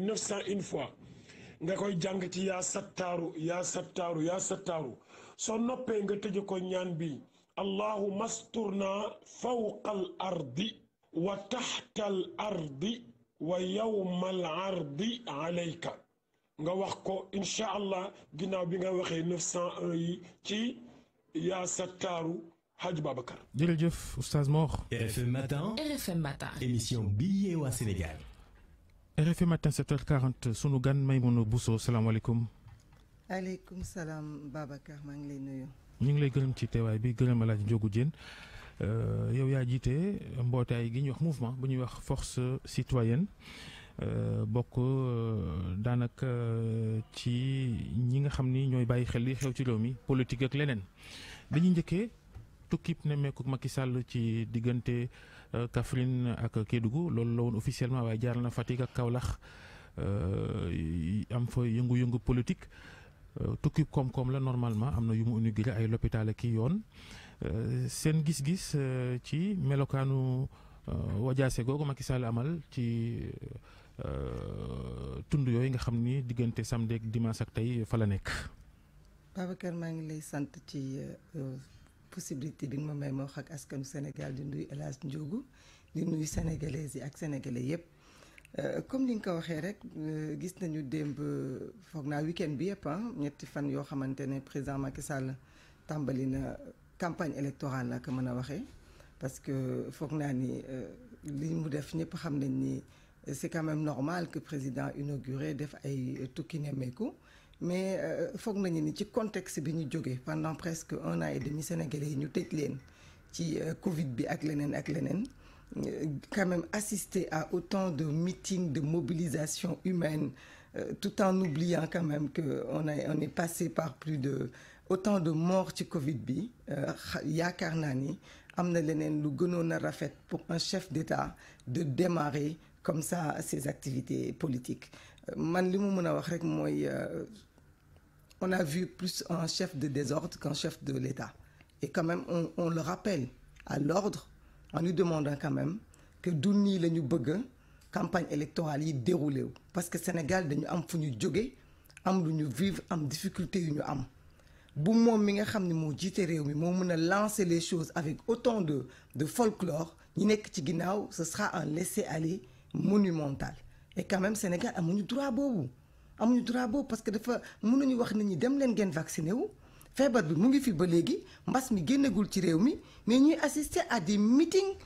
neuf nga koy jàng ci yaa sattaaru yaa sattaaru soo noppee nga tëje ko ñaan bi allahumma asturna fawqa al ardi wa taxta ardi wa yawma ardi alayka nga wax ko incha allah ginnaaw bi nga waxee neuf yi ci yaa sattaaru Hadj Babacar jërëjëf Oustaz Mor RFM matin RFM matin émission bi yee Sénégal RFI matin 7h40 sunu gan Maimouna Bousso salaamaaleykum. aleykum salaam Babacar maa ngi lay ñu ngi lay gërëm ci teewaay bi gërëm El Hadj Ndiogou Diène euh, yow yaa jiite mbootaay gi ñuy wax mouvement bu ñuy wax force citoyenne euh, bokk euh, daanaka ci ñi nga xam ni ñooy bàyyi xel li xew ci réew mi politique ak leneen dañuy njëkkee tukkib nemmeeku Macky Sall ci diggante. Euh, Kaffrine ak Kédougou loolu la woon officiellement waaye jaar na Fatick ak Kaolack euh, am fa yëngu-yëngu politique euh, tukki koom-koom la normalement am na yu mu inauguré ay l'hôpital ak yoon seen gis-gis ci melokaanu wajaase googu Macky Sall amal ci tund yooyu nga xam ni diggante samedi ak dimanche ak tey fa la nekk. possibilité bi nga ma may ma wax ak askanu Sénégal di nuyu El Hadj di nuyu sénégalaises yi ak sénégalais yëpp. Euh, comme ni nga ko waxee rek euh, gis nañu démb foog naa week bi yëpp ñetti fan yoo xamante ne président Macky Sall tàmbali na campagne électorale laa ko mën a waxee. parce que foog naa ni euh, li mu def ñëpp xam nañ ni c'est quand même normal que président inauguré def ay tukki nemmeeku. mais euh, foog nañu ni ci contexte bi ñu jógee pendant presque un a et demi sénégalais yi ñu tëj leen ci euh, Covid bi ak leneen ak leneen euh, quand même assister à autant de meetings de mobilisation humaine tout en oubliant quand même que on a on est passé par plus de autant de morts ci Covid bi yaakaar naa ni am na leneen lu gënoon a rafet pour un chef d'État de démarrer comme ça ses activités politiques man li mu mën a wax rek mooy on a vu plus un chef de désordre qu'un chef de l'État. Et quand même, on, on le rappelle à l'ordre en lui demandant quand même que du nii la ñu bëgg campagne électorale yi déroulé wu. parce que Sénégal dañu am fu ñu jóge am lu ñu vivre am difficulté yu ñu am bu moom mi nga xam ni moo jiite réew mi moo mën a lancer les choses avec autant de de folklore ñi nekk ci ginnaaw ce sera un laisser-aller monumental et quand même Sénégal amuñu droit boobu. amuñu droit boobu parce que dafa mun mënuñu wax nit ñi dem leen ngeen vacciné wu feebar bi mu ngi fi ba léegi mbas mi génnagul ci réew mi ne ñuy assister à des meetings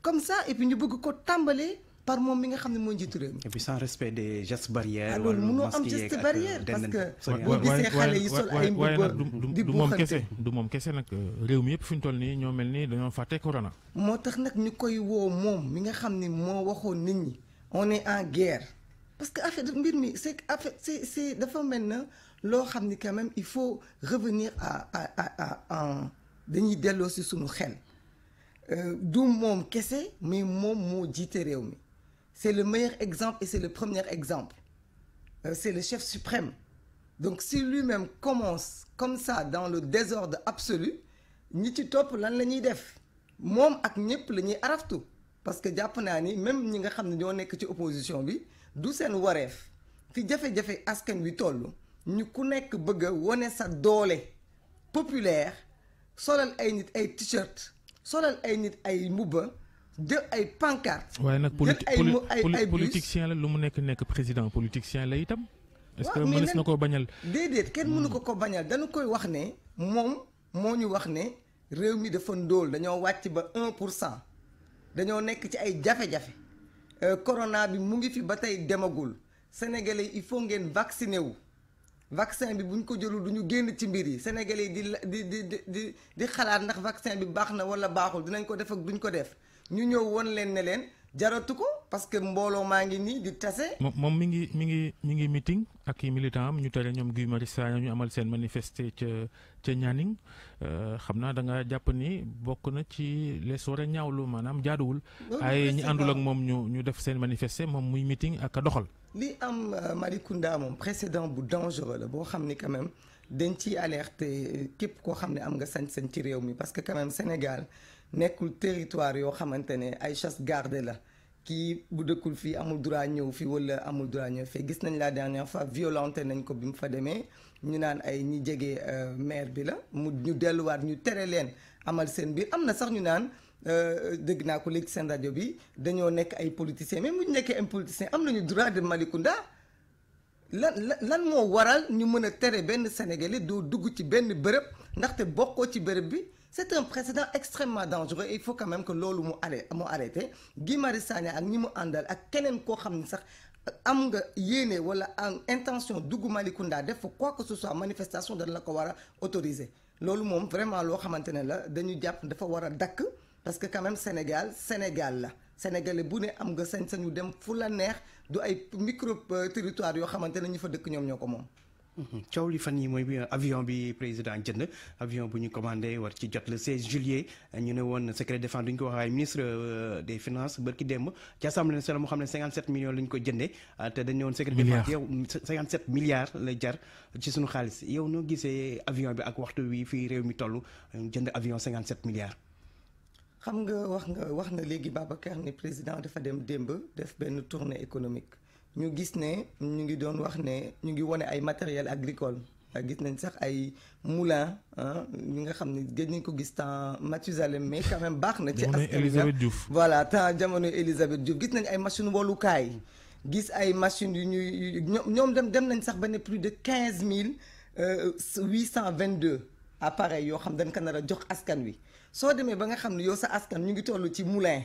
comme ça et puis ñu bëgg ko tàmbalee par moom mi nga xam ne mooy njiitu réew mi. et puis sans respect des gestes barrières. Ah wala mënoo am geste barrière euh, parce que boo gisee xale moom kese du moom kese euh, réew mi yëpp fi ñu toll nii ñoo mel ni dañoo fàtte corona. moo tax nag ñu koy woo moom mi nga xam ne moo waxoon nit ñi on ne en guerre. parce que affaire mbir mi c' est affaire c' dafa mel na loo xam ni quand même il faut revenir à à à à dañuy delloo si suñu xel euh, du moom kese mais moom moo jiite réew mi c' est le meilleur exemple et c' est le premier exemple euh, c' est le chef suprême donc si lui-même commence comme ça dans le désordre absolu ñi ci topp lan la ñuy def moom ak ñëpp la ñuy araftu parce que jàpp naa ni même ñi nga xam ne ñoo nekk ci opposition bi du seen wareef fi jafe-jafe askan wi toll ñu ku nekk bëgg a wane sa doole populaire solal ay nit ay t-shirt solal ay nit ay mbubba jël ay pancarte waaye nag ay politicien la lu mu nekk nekk président politicien la itam est-ce que mënees na ko bañal déedéet kenn mënu ko hmm. ko bañal dañu koy wax ne moom moo ñu wax ne réew mi dafa ndóol dañoo wàcc ba un pour cent dañoo nekk ci ay jafe-jafe Euh, corona bi mu ngi fi ba tey demagul sénégalais il faut ngeen vacciné wu vaccin bi bu ñu ko jëlul du ñu génn ci mbir yi sénégalais yi di di di di di xalaat ndax vaccin bi baax na wala baaxul dinañ ko def ak duñ ko def ñu ñëw won leen ne leen jaratu ko. parce que mbooloo maa ngi nii di tase. moom mi ngi mi ngi mi ngi meeting ak i militant am ñu tere ñoom Guy Marius Sagna ñu amal seen manifester ca ca Nianing euh, xam naa da jàpp ni bokk na ci les war a ñaawlu maanaam jaaduwul. ay ñi àndul ak moom ñu ñu def seen manifester moom muy meeting ak a doxal. li am euh, Malikounda moom précédent bu dangereux la boo xam ni quand même dañ ciy alerter képp koo xam ne am nga sañ-sañ ci réew mi parce que quand Sénégal nekkul territoire yoo xamante ne ay chasse gardée la. kii bu dëkkul fii amul droit ñëw fii wala amul droit ñëw fii gis nañ la dernière fois violenté nañ ko bi mu fa demee ñu naan ay ñi jege euh, maire bi la mu ñu delluwaat ñu tere leen amal seen biir am na sax ñu naan euh, dégg naa ko léegi seen rajo bi dañoo nekk ay politiciens mais bu ñu nekkee ay politiciens am nañu droit de Malicounda lan lan moo waral ñu mën a tere benn Sénégalais doo dugg ci benn bërëb ndaxte bokkoo ci bërëb bi. c'est un précédent extrêmement dangereux il faut quand même que loolu mu arrêté moo arrêté Guy Marius ak ñi mu àndal ak keneen koo xam ne sax am nga yéene wala am intention dugg Malicounda def fa quoi que ce soit manifestation dañ la ko war a autoriser loolu moom vraiment loo xamante ne la dañu jàpp dafa war a dakk parce que quand Sénégal Sénégal la Sénégalais bu ne am nga sañ-sañu dem fu la neex du ay micro territoire yoo xamante ne ñi fa dëkk ñoom ñoo ko moom Mhm. coow li fan yi mooy avion bi président jënd avion bu ñu commandé war ci jot le 16 juillet ñu ne woon secret défense du ñu ko wax waaye ministre euh, des finances bërki démb ci assemblée nationale moo xam ne 57 millions la ñu ko jëndee euh, te dañ ne woon secret défense yow milliards la jar ci suñu xaalis yow noo gisee avion bi ak waxtu wii fii réew mi toll jënd avion 57 milliards xam nga wax nga wax nga léegi Babacar ni président dafa dem démb def benn tournée économique ñu gis ne ñu ngi doon wax ne ñu ngi wane ay matériel agricole gis nañ sax ay moulin ñu nga xam ne gëj nañ ko gis temps Mathusalem mais quand même baax na ci askan temps jamono Elisabeth Diouf gis nañ ay machine wolukaay gis ay machines yu ñuy ñoom dem dem nañ sax ba ne plus de quinze mille euh, huit cent vingt deux appareil yoo xam dañ ko nar a jox askan wi soo demee ba nga xam ne yow sa askan ñu ngi toll ci moulin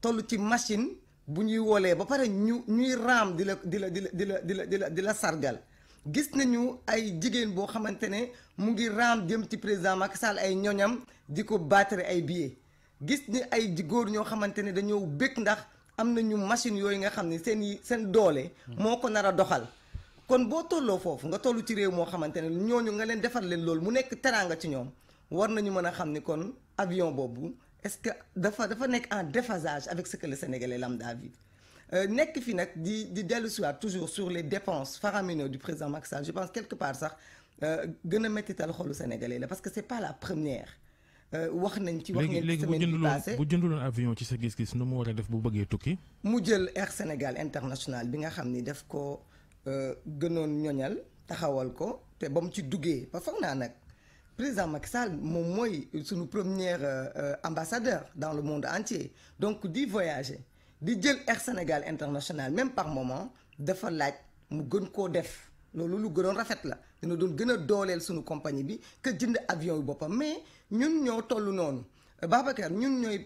toll ci machine bu ñuy woolee ba pare ñu ñuy raam di la di la di la di la di la di la di la sargal gis nañu ay jigéen boo xamante ne mu ngi raam jëm ci président Macky Sall ay ñoñam di ko baatare ay billets gis ni ay góor ñoo xamante ne dañoo bëgg ndax am na ñu machine yooyu nga xam ne seen yi seen doole. moo ko nar a doxal. kon boo tolloo foofu nga toll ci réew moo xamante ne ñooñu nga leen defar leen loolu mu nekk teraanga ci ñoom war nañu mën a xam ni kon avion boobu. est-ce que dafa dafa nekk en déphasage avec ce que le Sénégalais lambda vit euh, nekk fi nag di di dellu siwaat toujours sur les dépenses faramineuses du président Macky Sall je pense quelque part sax euh, gën a méttital xolu Sénégalais la parce que c'est pas la première euh, wax nañ ci wax ngeen semaine bi passée bu jënduloon avion ci sa gis-gis nu mu war a def bu bëggee tukki. mu jël Air Sénégal international bi nga xam ni def ko gënoon ñoñal taxawal ko te ba mu ci duggee ba foog naa nag président Macky Sall moom mooy suñu premier euh, euh, ambassadeur dans le monde entier donc di voyager di jël Air Sénégal international même par moment dafa laaj mu gën koo def loolu lu gënoon rafet la dina doon gën a dooleel suñu compagnie bi que jënd avion yu boppam mais ñun ñoo toll noonu Babacar ñun ñooy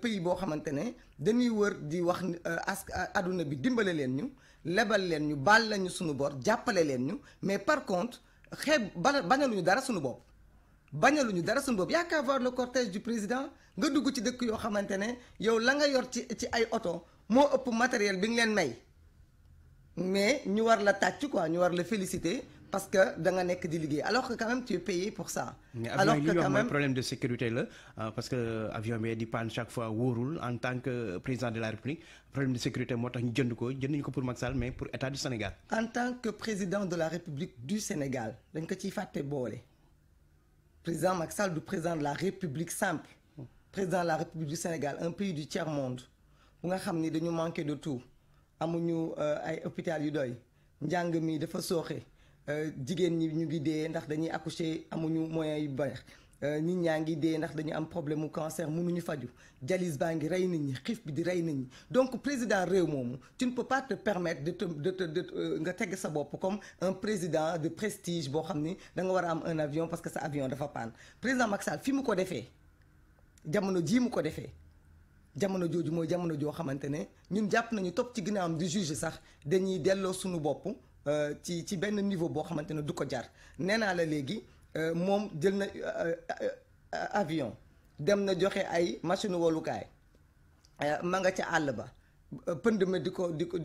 pays boo xamante ne dañuy wër di wax euh, ask àdduna bi dimbale leen ñu lebal leen ñu baal lañu suñu bor jàppale leen ñu mais par contre xeeb ba bañaluñu dara suñu bopp bañaluñu dara suñu bopp yaakaar voir le cortège du président nga dugg ci dëkk yoo xamante ne yow la nga yor ci ci ay oto moo ëpp matériel bi nga leen may mais ñu war la tàcc quoi ñu war la féliciter parce que da nga nekk di liggéey alors que quand même tu es payé pour ça. alors que quand même problème de sécurité la euh, parce que avion bi di panne chaque fois wóorul en tant que président de la république problème de sécurité moo tax ñu jënd ko jënd ñu ko pour Macky Sall mais pour état du Sénégal. en tant que président de la république du Sénégal dañ ko ciy fàtte boole. président Macky Sall du président de la République simple président la République du Sénégal un pays du tiers monde bu nga xam ni dañu manqué de tout amuñu euh, ay hôpital yu doy njàng mi dafa sooxe euh, jigéen ñi ñu ngi dee ndax dañuy accoucher amuñu moyens yu bari Euh, nit ñaa ngi dee ndax dañu am problème mu cancer ñu faju jalis baa ngi rey nit ñi xif bi di rey nit ñi donc président réew moomu tu ne peux pas te permettre de te de te euh, nga teg sa bopp comme un président de prestige boo xam ni da nga war a am un avion parce que sa avion dafa panne président Macky fi mu ko defee jamono jii mu ko defee jamono jooju mooy jamono joo xamante ne ñun jàpp nañu topp ci ginnaawam di juge sax dañuy delloo suñu bopp euh, ci ci benn niveau boo xamante ne du ko jar nee naa léegi. Euh, moom jël na euh, euh, avion dem na joxe ay machine wolukaay ma nga ca àll ba pënd ma di ko di ko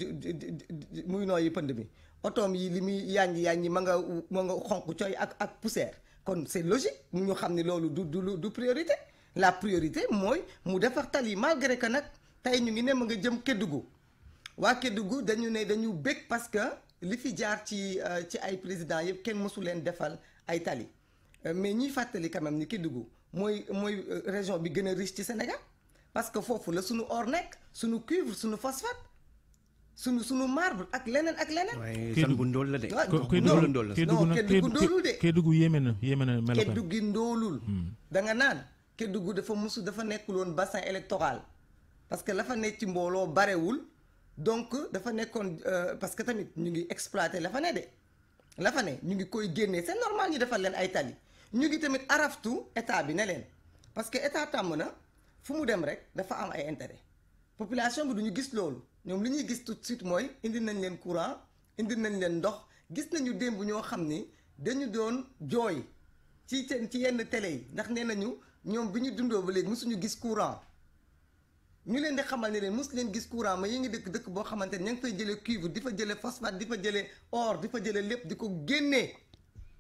muy nooyi pënd mi otoom yi li muy yàññi yàññi ma nga ma nga xonq cooy ak ak poussière kon c'est logique ñu xam ni loolu du du priorité la priorité mooy mu defar tali malgré que nag tey ñu ngi ne ma nga jëm Kédougou waa Kédougou dañu ne dañu bëgg parce que li fi jaar ci ci ay président yëpp kenn mësu leen defal ay tali Euh, mais ñuy fàttali quand même ni Kédougou mooy mooy euh, région bi gën a riche ci Sénégal parce que foofu la suñu or nekk suñu cuivre suñu phosphate sunu suñu marbre ak leneen ak leneen. waaye Kédougou ndóol la de. Ah, ndóol ndóol la Kédougou nag ndóolul de. Kédougou yéeme na yéeme na melokaan Kédougou ndóolul. Hmm. da nga naan Kédougou dafa musu dafa nekkuloon woon bassin électoral parce que la fa nekk ci mbooloo barewul donc dafa nekkoon euh, parce que tamit ñu ngi exploité la fa ne de la fa ne ñu ngi koy génnee c'est normal ñu defal leen ay tali. ñu ngi tamit araftu état bi ne leen parce que état tàmm na fu mu dem rek dafa am ay intérêt population bi du ñu gis loolu ñoom li ñuy gis tout de mooy indi nañ leen courant indi nañ leen ndox gis nañu démb ñoo xam ni dañu doon jooy ci ci yenn tele yi ndax nee nañu ñoom bi ñu dundoo ba léegi mosuñu gis courant ñu leen di xamal ne leen mos leen gis courant ma yi ngi dëkk dëkk boo xamante ne ña ngi fay jëlee cuivre di fa jëlee phosphate di fa jëlee or di fa jëlee lépp di ko génnee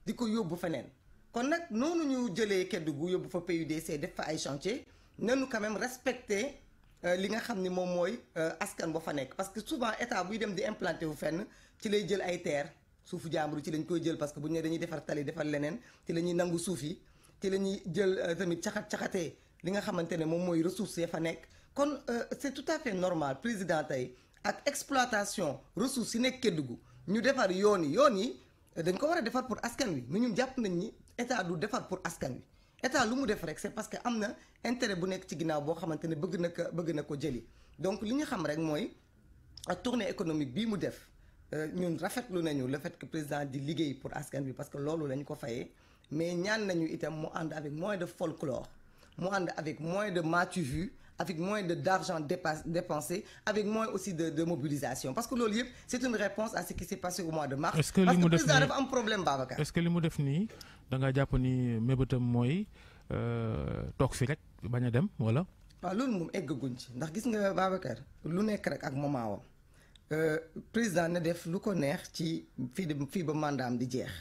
di ko yóbbu feneen kon nag noonu ñu jëlee Kédougou yóbbu fa de see def fa ay chantier nanu quand même respecter euh, li nga xam ni moom mooy euh, askan ba fa nekk parce que souvent état buy dem di implanter wu fenn ci lay jël ay terre suufu jàmbur ci lañ koy jël parce que bu ñu dañuy defar tali defar leneen ci lañuy nangu suuf yi ci la ñuy jël euh, tamit caxat caxatee li nga xamante ne moom mooy ressources ya fa nekk kon c'est tout à fait normal président tey ak exploitation ressources yi nekk Kédougou ñu defar yoon yi yoon yi dañ ko war a defar pour askan wi ñun jàpp nañ ni état du defar pour askan wi état lu mu def rek c'est parce que am na intérêt bu nekk ci ginnaaw boo xamante ne bëgg na ko bëgg na ko jëli donc li ñu xam rek mooy tournée économique bii mu def euh, ñun rafetlu nañu le fait président di liggéey pour askan bi parce que loolu lañu ko fayee mais ñaan nañu itam mu ànd avec moins de folklore mu ànd avec moins de matu vu avec moins de d'argent dépensé avec moins aussi de de parce que loolu yëpp c'est une réponse à ce qui s'est passé au mois de mars. est-ce que li mu def nii parce que président dafa am problème Babacar. Euh, fi rek bañ dem wala. waaw loolu eggaguñ ci ndax gis nga Babacar lu nekk rek ak moment wam euh, président na def lu ko neex ci fii fii ba mandaam di jeex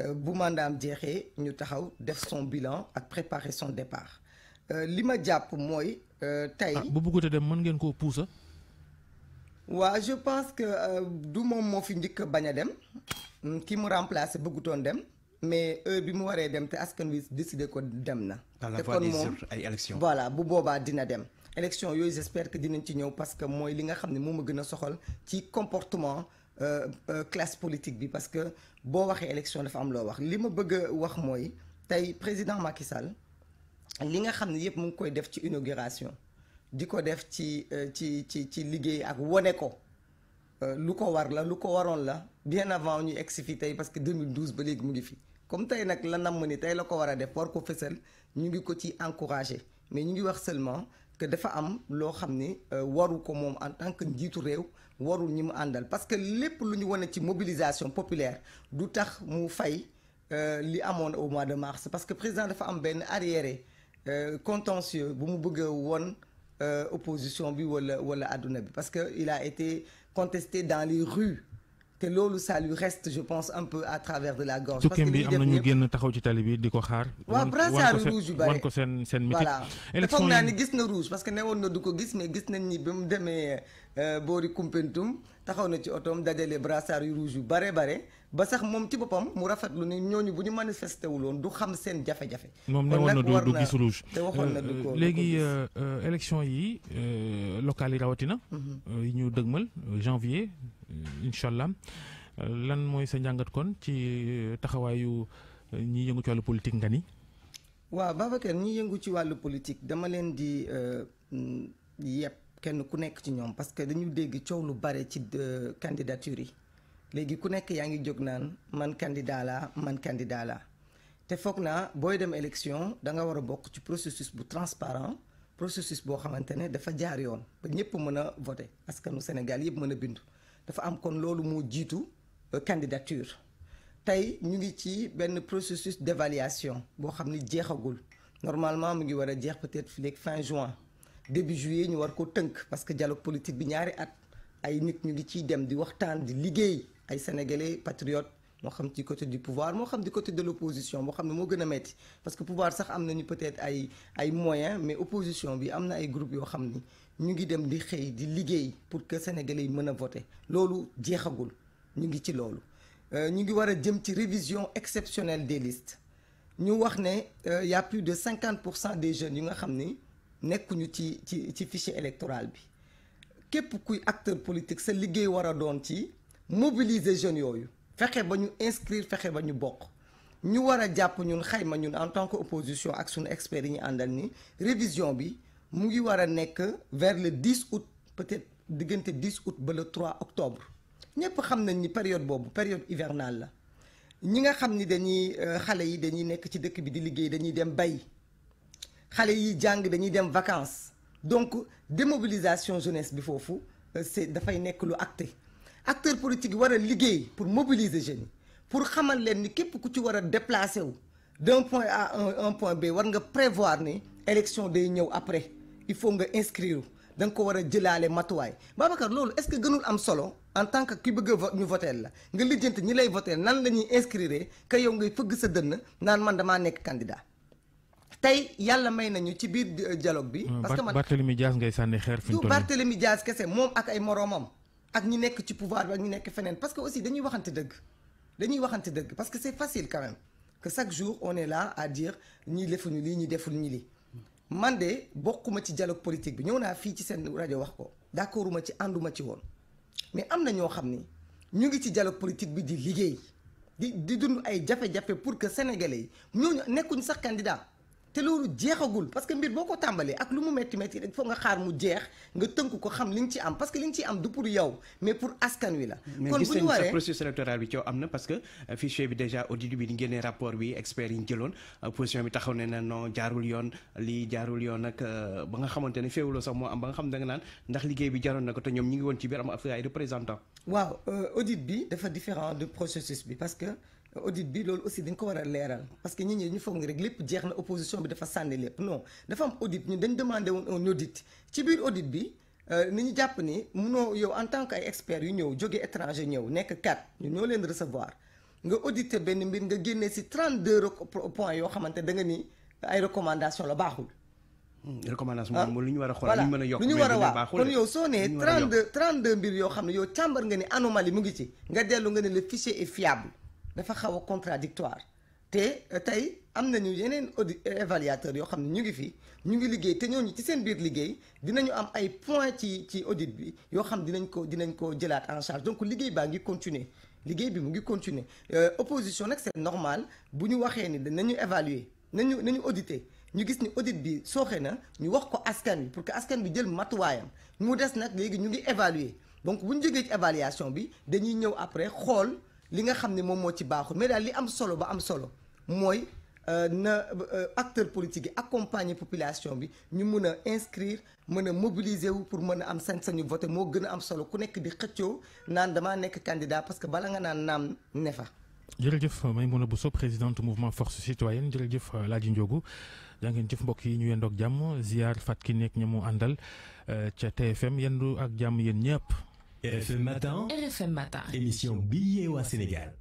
euh, bu mandaam jeexee ñu taxaw def son bilan ak préparer son départ. Euh, li ma jàpp mooy. Euh, tey ah, bu bëggut dem mën ngeen koo puusa. waa je pense que euh, du moom moo fi njëkk bañ a dem hmm, ki mu remplacer bëggutoon dem mais heure bi mu waree dem te askan wi décidé ko dem na. te kon moom ay élections voilà bu boobaa dina dem. élection yooyu j'espère que dinañ ci ñëw parce que mooy li nga xam ne moom ma gën a soxal ci comportement classe politique bi parce que boo waxee élection dafa am loo wax li ma bëgg wax mooy tey président Macky li nga xam ne yëpp mu ngi koy def ci inauguration di ko def ci euh, ci ci ci liggéey ak wone ko euh, lu ko war la lu ko waroon la bien avant ñu si fii tey parce que 2012 ba léegi mu ngi fi comme tey nag la namm ni tey la ko war a def war ko fësal ñu ngi ko ci encouragé mais ñu ngi wax seulement que dafa am loo xam ni euh, waru ko moom en tant que njiitu réew warul ñi mu àndal parce que lépp lu ñu wane ci mobilisation populaire du tax mu fay li amoon au mois de mars parce que président dafa am benn arriéré Euh, contentieux bu mu bëgg a woon euh, opposition bi wala wala adduna bi parce que il a été contesté dans les rues te loolu ça lui reste je pense un peu à travers de la gorge. parce que li am na ñu génn taxaw ci tali bi di ko xaar. waaw brassard rouge yu naa ni gis na rouge parce que newoon na du ko gis mais gis nañ ni ba mu demee euh, boori Koumpentoum taxaw na ci otoom dajale brassard yu yu bare bare ba sax moom ci boppam mu rafet lu ne ñooñu bu ñu manifesté wul woon du xam seen jafe-jafe. moom newoon na du du gis rouge te waxoon na du ko euh, léegi euh, élection yi locales yi rawatina. Mhm. yi ñu dëgmal janvier. Euh, incha allah lan mooy sa njàngat kon ci taxawaayu euh, ñi yëngu ci wàllu politique nga ni. waaw Babacar ñi yëngu ci wàllu politique dama leen di euh, yépp kenn ku nekk ci ñoom parce que dañu dégg coow lu bare ci candidature yi léegi ku nekk yaa ngi jóg naan man candidat laa man candidat laa te foog naa booy dem élection da nga war a bokk ci processus bu transparent processus boo xamante ne dafa jaar yoon ba ñëpp mën a voter askanu Sénégal yëpp mën a bindu dafa am kon loolu moo jiitu euh, candidature tey ñu ngi ci benn processus d'évaluation boo xam ni jeexagul normalement mu ngi war a jeex peut-être fii léegi fin juin début juillet ñu war ko tënk parce que dialogue politique bi ñaari at ay nit ñu ngi ciy dem di waxtaan di liggéey ay sénégalais patriotes moo xam ci côté du pouvoir moo xam du côté de l'opposition moo xam ne moo gën a metti parce que pouvoir sax am nañu peut-être ay ay moyens mais opposition bi am na ay groupe yoo xam ni ñu ngi dem di xëy di liggéey pour que sénégalais yi mën a voter loolu jeexagul ñu ngi ci loolu euh, ñu ngi war a jëm ci révision exceptionnelle des listes ñu wax ne euh, y a plus de 50 pour cent des jeunes yi nga xam ni nekkuñu ci ci ci fichier électoral bi képp kuy acteur politique sa liggéey war a doon ci mobiliser jeunes yooyu fexe ba ñu inscrire fexe ba ñu bokk ñu war a jàpp ñun xayma ñun en tant que opposition ak sunu experts yi ñu àndal ni révision bi mu ngi war a nekk vers le 10 peut-être diggante 10 août ba le trois octobre ñëpp xam nañ ni période boobu période hivernale la ñi nga xam ni dañuy euh, xale yi dañuy nekk ci dëkk bi di liggéey dañuy dem bay xale yi jàng dañuy dem vacance donc démobilisation jeunesse bi foofu euh, c'est dafay nekk lu acté acteurs politiques war a liggéey pour mobiliser jeunes pour xamal leen ni képp ku ci war a déplacé wu d'un point A à un point B war nga prévoir ni élection day ñëw après il faut nga inscrire da nga ko war a jëlaale matuwaay Babacar loolu est-ce que gënul am solo en tant que ki bëgg a ñu voteel la nga lijjanti ñi lay voteel nan la ñuy inscrire que yow ngay fëgg sa dënn naan man damaa nekk candidat tey yàlla may nañu ci biir dialogue bi. Mm, parce que man Barthélemy Dias ngay sànni xeer. fi mu toll nii kese moom ak ay moroomam. ak ñi nekk ci pouvoir bi ak ñi nekk feneen parce que aussi dañuy waxante dëgg dañuy waxante dëgg parce que c'est facile quand même que chaque jour on est là à dire ñii defuñu lii ñii deful ñi li man de bokkuma ci dialogue politique bi ñëw naa fii ci seen rajo wax ko d'accorduma ci ànduma ci woon mais am na ñoo xam ni ñu ngi ci dialogue politique bi di liggéey di di dund ay jafe-jafe pour que sénégalais yi ñooñu nekkuñ sax candidat te loolu jeexagul parce que mbir boo ko tàmbalee ak lu mu métti métti rek foog nga xaar mu jeex nga tënk ko xam li nga ci am parce que li nga ciy am du pour askan wi la. kon bu ñu waree processus électoral bi na parce que euh, fichier bi déjà au début bi di génnee rapport bi experts yi ñu jëloon euh, position bi taxaw yoon lii jaarul yoon nag euh, ba nga xamante ne féewuloo sax moo am ba nga xam da nga naan ndax liggéey bi jaroon na ko te ñoom ngi woon ci biir am ay représentant waaw audit bi dafa différent de processus bi parce que. audit bi loolu aussi dañ ko war a leeral parce que ñi ñi ñu foog ni rek lépp jeex na opposition bi dafa sànni lépp non dafa am audit ñu dañ demandé woon un audit ci biir audit bi euh, ni ñu jàpp ni munoo yow en tant que ay experts yu ñëw jóge étranger ñëw nekk kat ñu ñoo leen recevoir nga audité benn mbir nga génnee si 32 points yoo xamante da nga ni ay recommandation la baaxul. Hmm, recommandation ah, lu ñu war a xool mën a yokk lu ñu war a waa kon yow soo nee 32 32 mbir yoo xam ne yow càmbar mu ngi ci nga dellu nga ne le dafa xaw a contradictoire te euh, tey am nañu yeneen audit évaluateur yoo xam ne ñu ngi fi ñu ngi liggéey te ñooñu ci seen biir liggéey dinañu am ay point ci ci audit bi yoo xam dinañ ko dinañ ko jëlaat en charge donc liggéey baa ngi continue liggéey bi mu ngi continuer euh, opposition nag c'est normal bu ñu waxee ni danañu évaluer nañu nañu auditer ñu gis ni audit bi sooxee na ñu wax ko askan bi pour que askan bi jël matuwaayam mu des nag léegi ñu ngi évaluer donc bu ñu ci évaluation bi dañuy ñëw après xool li nga xam ne moom moo ci baaxul mais daal li am solo ba am solo mooy euh, na euh, acteur politique yi accompagner population bi ñu mun a inscrire mën a mobiliser wu pour mën a am sañ-sañu voté moo gën a am solo ku nekk di xëccoo naan damaa nekk kandidaa parce que bala nga naan naam ne fa. jërëjëf bu Bousso présidente mouvement force citoyenne jërëjëf euh, Laaji Ndiogu yaa ngeen jëf mbokk yi ñu yendoog jàmm ziar Fatou Kiné ak ñamu àndal ca TFM yendu ak jàmm yéen ñëpp. RFM Matin. RFM Matin. émission bi yeewaa Sénégal.